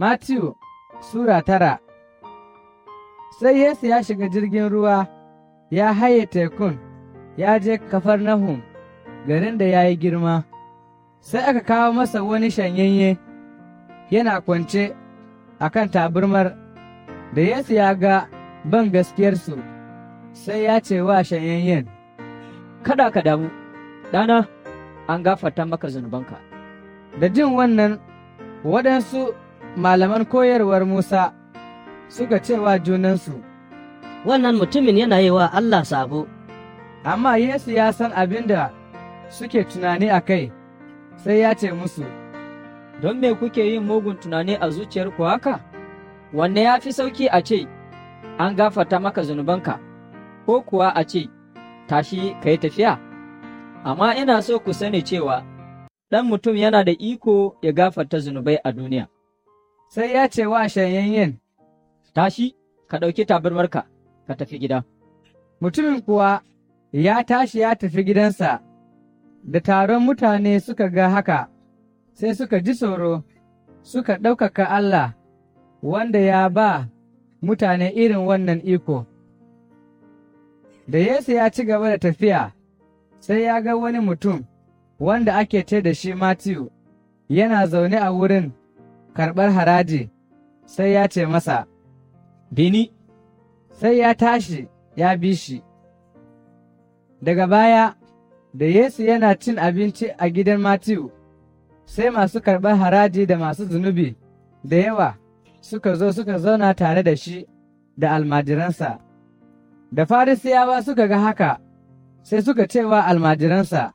Matthew Sura tara Sai Yesu ya shiga jirgin ruwa, ya haye tekun, ya je kafar nahum garin da ya yi girma, sai aka kawo masa wani shanyanye yana kwance a kan taburmar da Yesu ya ga ban gaskiyarsu, sai ya ce wa shanyanyen, Kada ka damu, ɗana, an gafata maka zunubanka. Da jin wannan, waɗansu malaman koyarwar Musa suka ce wa junansu, Wannan mutumin yana yi wa Allah sabo. Amma Yesu ya san abin da suke tunani a kai, sai ya ce musu, Don me kuke yin mugun tunani a zuciyar haka? Wanne ya fi sauki a ce, An gafata maka zunubanka, ko kuwa a ce, Tashi ka yi tafiya? Amma ina so ku sani cewa, Ɗan mutum yana da iko ya gafata zunubai a duniya. sai ya ce wa shanyayyen, Tashi, ka ɗauki tabarmarka, ka tafi gida. Mutumin kuwa ya tashi ya tafi gidansa, da taron mutane suka ga haka, sai suka ji tsoro, suka ɗaukaka Allah, wanda ya ba mutane irin wannan iko. Da Yesu ya ci gaba da tafiya, sai ya ga wani mutum, wanda ake ce da shi Matiyu, yana zaune a wurin karɓar haraji sai ya ce masa, Bini, sai ya tashi ya bi shi. Daga baya, da Yesu yana cin abinci a gidan Matiyu, sai masu karɓar haraji da masu zunubi da yawa suka zo suka zauna tare da shi da almajiransa. Da Farisiyawa suka ga haka, sai suka cewa almajiransa,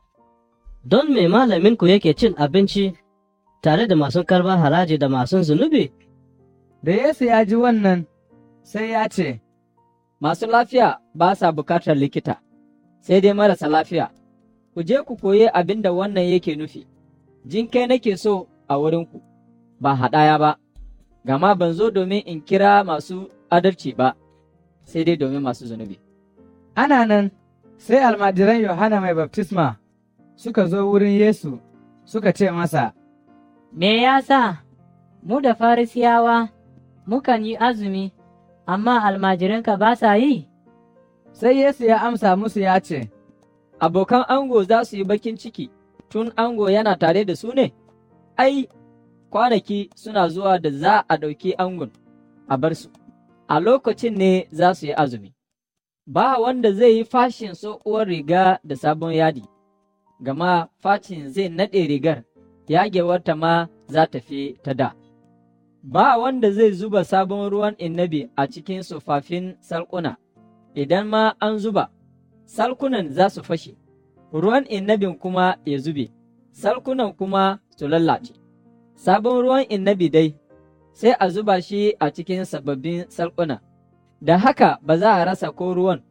Don me malaminku yake cin abinci tare da masu karɓar haraji da masu zunubi? Da Yesu ya ji wannan sai ya ce, Masu lafiya ba sa bukatar likita, sai dai marasa lafiya, ku je ku koye abin da wannan yake nufi, jin kai nake so a wurinku, ba haɗaya ba, gama ban zo domin in kira masu adalci ba, sai dai domin masu zunubi. Ana nan, sai almajiran Yohana mai baftisma suka zo wurin Yesu suka ce masa, Me ya sa, mu da Farisiyawa mukan yi azumi, amma almajiranka ba sa yi? Sai Yesu ya amsa musu ya ce, Abokan ango za su yi bakin ciki tun ango yana tare da su ne? Ai, kwanaki suna zuwa da za a ɗauki angon a bar su, a lokacin ne za su yi azumi. Ba wanda zai yi fashin uwar riga da sabon yadi, gama fashin zai naɗe rigar. yagewarta ma za ta fi ta da. Ba wanda zai zuba sabon ruwan inabi a cikin tsofaffin salkuna, idan ma an zuba, salkunan za su fashe, ruwan inabin kuma ya zube, salkunan kuma su lallace. Sabon ruwan inabi dai, sai a zuba shi a cikin sababbin salkuna, da haka ba za a rasa ko ruwan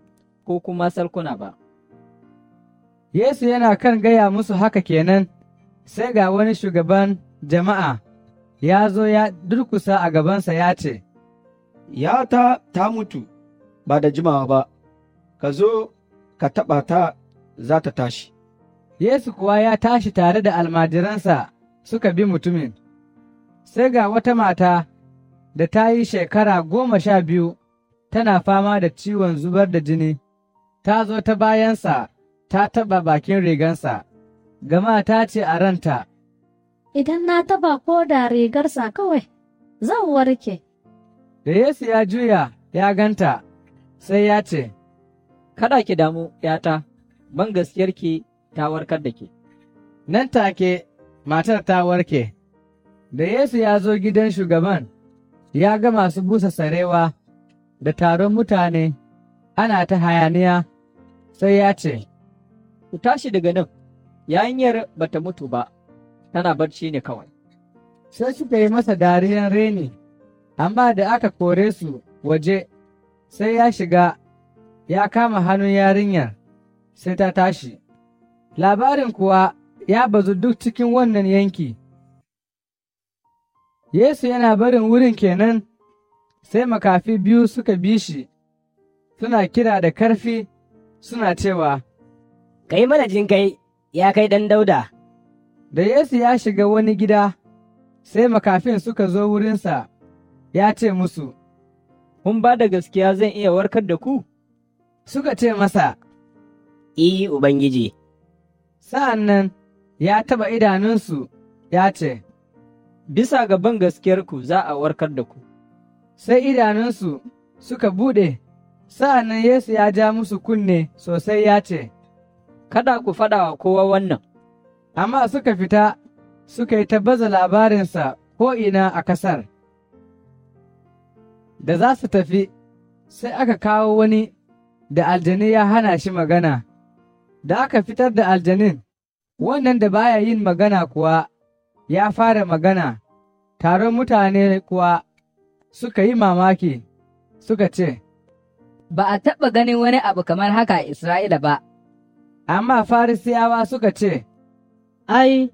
ko kuma salkuna ba. Yesu yana kan gaya musu haka kenan sai ga wani shugaban jama'a ya zo ya durkusa a gabansa ya ce, Yata ta mutu ba da jimawa ba, ka zo ka taɓa ta za ta tashi. Yesu kuwa ya tashi tare da almajiransa suka bi mutumin, sai ga wata mata da ta yi shekara goma sha biyu tana fama da ciwon zubar da jini, ta zo ta bayansa ta taɓa bakin rigansa. gama ta ce a ranta, Idan na taba ko da rigarsa kawai, zan warke. Da Yesu ya juya ya ganta, sai ya ce, Kada ki damu, ‘yata, ban gaskiyarki ta warkar da ke. Nan take, matar ta warke, da Yesu ya zo gidan shugaban, ya ga masu busa sarewa da taron mutane, ana ta hayaniya, sai ya ce, Ku tashi daga nan, Yanyar ba ta mutu ba, tana barci ne kawai. Sai suka yi masa dariyan reni, amma da aka kore su waje sai ya shiga ya kama hannun yarinyar sai ta tashi. Labarin kuwa ya bazu duk cikin wannan yanki. Yesu yana barin wurin kenan sai makafi biyu suka bi shi, suna kira da karfi suna cewa, Ka yi mana kai. ya kai ɗan dauda. Da Yesu ya shiga wani gida, sai makafin suka zo wurinsa, ya ce musu, Kun ba da gaskiya zan iya warkar da ku? Suka ce masa, I, Ubangiji. Sa'an nan ya taɓa idanunsu, ya ce, Bisa ga ban gaskiyarku za a warkar da ku. Sai idanunsu suka buɗe, sa'an nan Yesu ya ja musu kunne sosai ya ce, kada ku faɗa wa kowa wannan. Amma suka fita suka yi ta baza labarinsa ko'ina a ƙasar. Da za su tafi, sai aka kawo wani da aljani ya hana shi magana, da aka fitar da aljanin, wannan da baya yin magana kuwa ya fara magana, taron mutane kuwa suka yi mamaki, suka ce, Ba a taɓa ganin wani abu kamar haka Isra'ila ba. Amma Farisiyawa suka ce, Ai,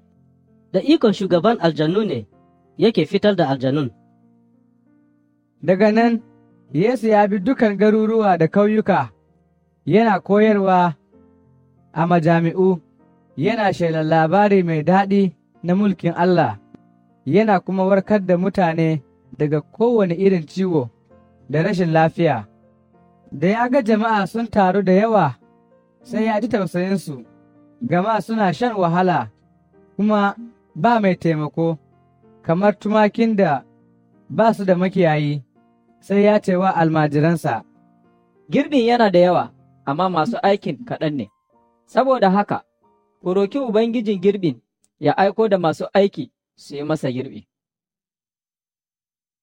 da ikon shugaban aljannu ne yake fitar da aljanun. Daga nan, Yesu ya bi dukan garuruwa da kauyuka, yana koyarwa a majami'u, yana shelar labari mai daɗi na mulkin Allah, yana kuma warkar da mutane daga kowane irin ciwo da rashin lafiya. Da ya ga jama'a sun taru da yawa sai ya ji tausayinsu, gama suna shan wahala, kuma ba mai taimako, kamar tumakin da ba su da makiyayi, sai ya ce wa almajiransa. Girbin yana da yawa, amma masu aikin kaɗan ne, saboda haka, ku roki Ubangijin girbin ya aiko da masu aiki su yi masa girbi.